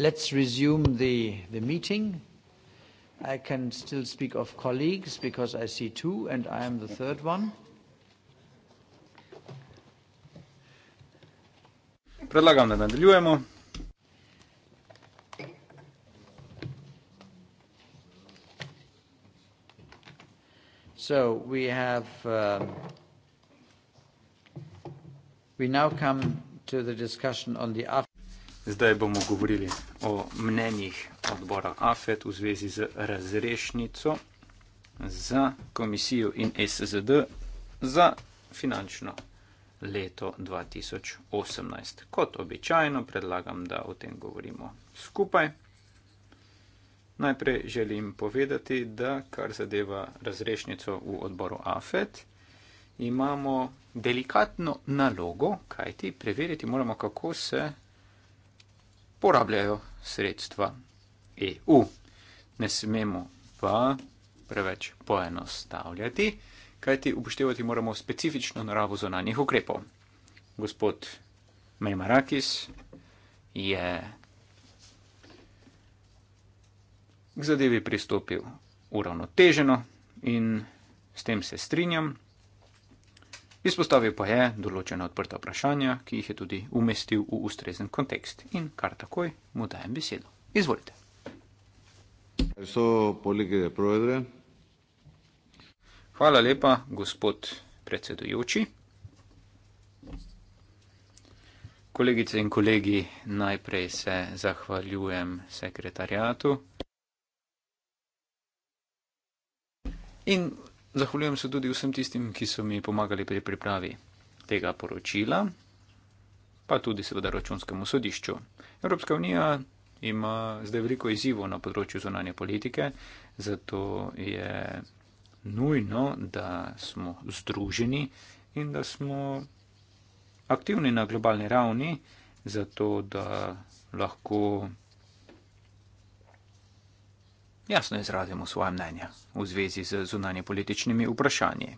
Let's resume the, the meeting. I can still speak of colleagues because I see two and I am the third one. Predlagam, da nadaljujemo. So we have uh, we now come to the discussion on the after Zdaj bomo govorili o mnenjih odbora AFET v zvezi z razrešnico za komisijo in SZD za finančno leto 2018. Kot običajno predlagam, da o tem govorimo skupaj. Najprej želim povedati, da kar zadeva razrešnico v odboru AFET, imamo delikatno nalogo, kajti preveriti moramo, kako se porabljajo sredstva EU. Ne smemo pa preveč poenostavljati, kajti upoštevati moramo specifično naravo zonanih ukrepov. Gospod Mejmarakis je k zadevi pristopil uravnoteženo in s tem se strinjam. Izpostavil pa je določena odprta vprašanja, ki jih je tudi umestil v ustrezen kontekst in kar takoj mu dajem besedo. Izvolite. So politike provedre. Hvala lepa, gospod predsedujoči. Kolegice in kolegi, najprej se zahvaljujem sekretarjatu. In Zahvaljujem se tudi vsem tistim, ki so mi pomagali pri pripravi tega poročila, pa tudi seveda računskemu sodišču. Evropska unija ima zdaj veliko izzivo na področju zonanje politike, zato je nujno, da smo združeni in da smo aktivni na globalni ravni, zato da lahko jasno izrazimo svoje mnenje v zvezi z zunanje političnimi vprašanji,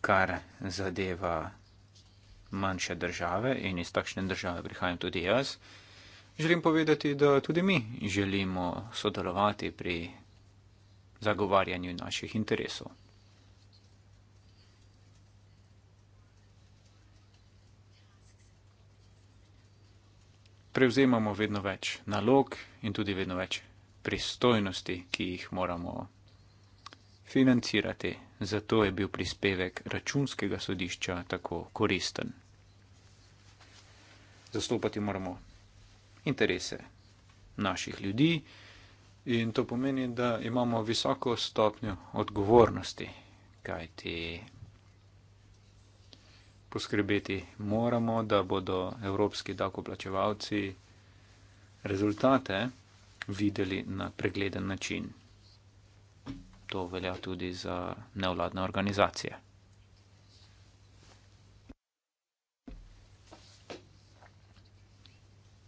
kar zadeva manjše države in iz takšne države prihajam tudi jaz. Želim povedati, da tudi mi želimo sodelovati pri zagovarjanju naših interesov. Prevzemamo vedno več nalog in tudi vedno več pristojnosti, ki jih moramo financirati. Zato je bil prispevek računskega sodišča tako koristen. Zastopati moramo interese naših ljudi in to pomeni, da imamo visoko stopnjo odgovornosti, kajti poskrbeti moramo, da bodo evropski davkoplačevalci rezultate videli na pregleden način. To velja tudi za nevladne organizacije.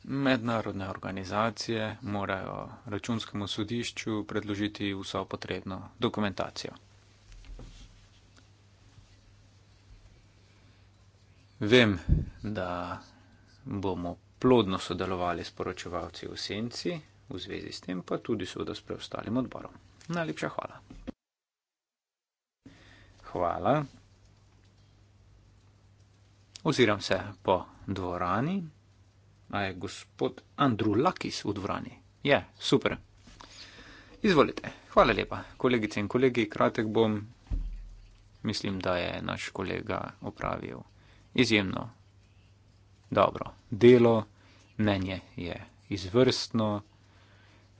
Mednarodne organizacije morajo računskemu sodišču predložiti vso potrebno dokumentacijo. Vem, da bomo plodno sodelovali s poročevalci v Senci, v zvezi s tem pa tudi seveda s preostalim odborom. Najlepša hvala. Hvala. Oziram se po dvorani. A je gospod Andrew Lakis v dvorani? Je, super. Izvolite. Hvala lepa. Kolegice in kolegi, kratek bom. Mislim, da je naš kolega opravil izjemno dobro delo. Mnenje je izvrstno.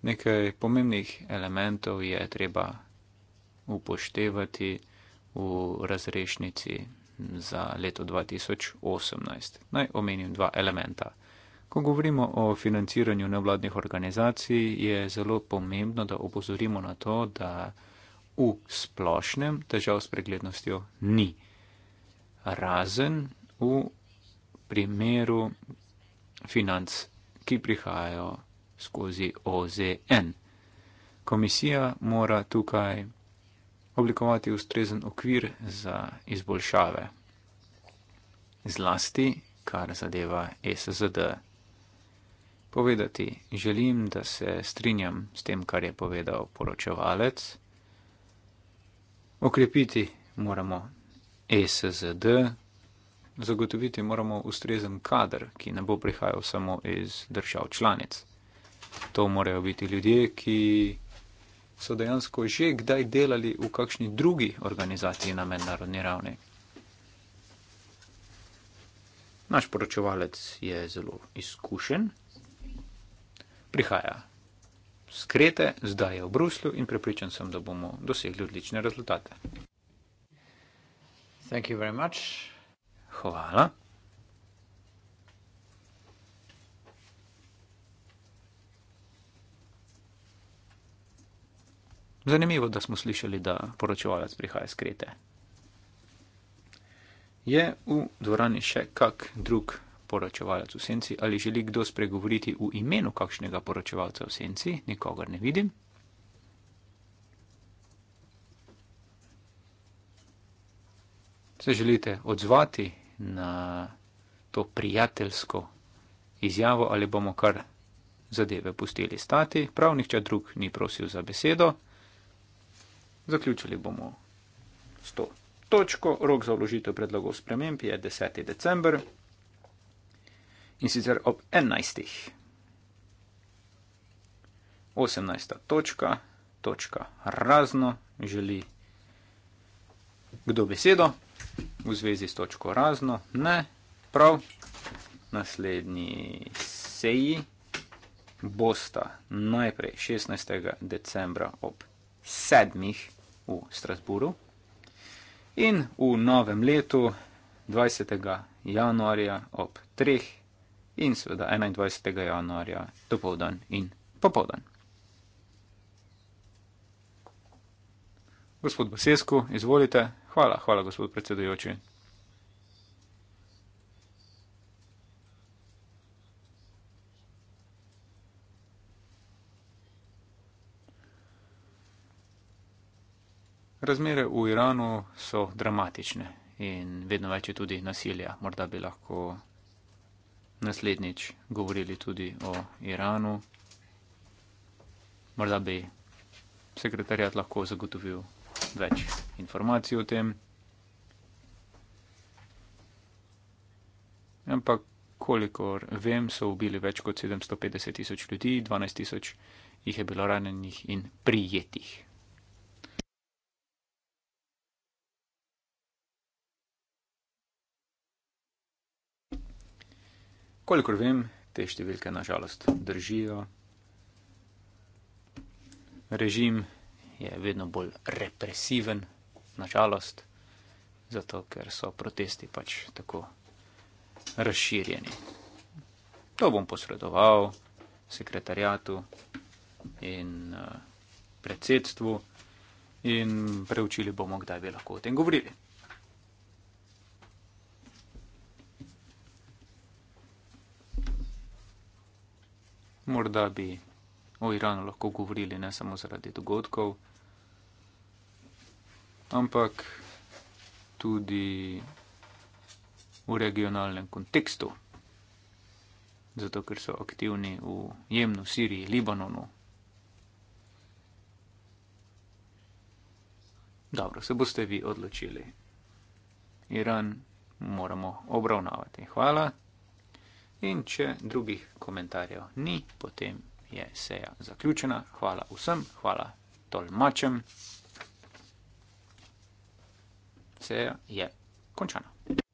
Nekaj pomembnih elementov je treba upoštevati v razrešnici za leto 2018. Naj omenim dva elementa. Ko govorimo o financiranju nevladnih organizacij, je zelo pomembno, da opozorimo na to, da v splošnem težav s preglednostjo ni. Razen v primeru financ, ki prihajajo skozi OZN. Komisija mora tukaj oblikovati ustrezen okvir za izboljšave, zlasti kar zadeva e SZD. Povedati želim, da se strinjam s tem, kar je povedal poročevalec. Okrepiti moramo e SZD, zagotoviti moramo ustrezen kader, ki ne bo prihajal samo iz držav članic to morajo biti ljudje, ki so dejansko že kdaj delali v kakšni drugi organizaciji na mednarodni ravni. Naš poročevalec je zelo izkušen, prihaja skrete, zdaj je v Bruslju in prepričan sem, da bomo dosegli odlične rezultate. Thank you very much. Hvala. Zanimivo, da smo slišali, da poročevalec prihaja iz Krete. Je v dvorani še kak drug poročevalec v senci ali želi kdo spregovoriti v imenu kakšnega poročevalca v senci? Nikogar ne vidim. Se želite odzvati na to prijateljsko izjavo ali bomo kar zadeve pustili stati? Prav nihče drug ni prosil za besedo. Zaključili bomo s to točko. Rok za vložitev predlogov sprememb je 10. december in sicer ob 11. 18. točka, točka razno, želi kdo besedo v zvezi s točko razno, ne, prav, naslednji seji bosta najprej 16. decembra ob 7 v Strasburu. In v novem letu, 20. januarja ob 3. in seveda 21. januarja dopoldan in popoldan. Gospod Basesku, izvolite. Hvala, hvala, gospod predsedujoči. razmere v Iranu so dramatične in vedno več je tudi nasilja. Morda bi lahko naslednjič govorili tudi o Iranu. Morda bi sekretarjat lahko zagotovil več informacij o tem. Ampak, kolikor vem, so ubili več kot 750 tisoč ljudi, 12 tisoč jih je bilo ranjenih in prijetih. Kolikor vem, te številke nažalost držijo. Režim je vedno bolj represiven, nažalost, zato ker so protesti pač tako razširjeni. To bom posredoval sekretarjatu in eh, predsedstvu in preučili bomo, kdaj bi lahko o tem govorili. Morda bi o Iranu lahko govorili ne samo zaradi dogodkov, ampak tudi v regionalnem kontekstu, zato ker so aktivni v Jemnu, Siriji, Libanonu. Dobro, se boste vi odločili. Iran moramo obravnavati. Hvala. In če drugih komentarjev ni, potem je seja zaključena. Hvala vsem, hvala tolmačem. Seja je končana.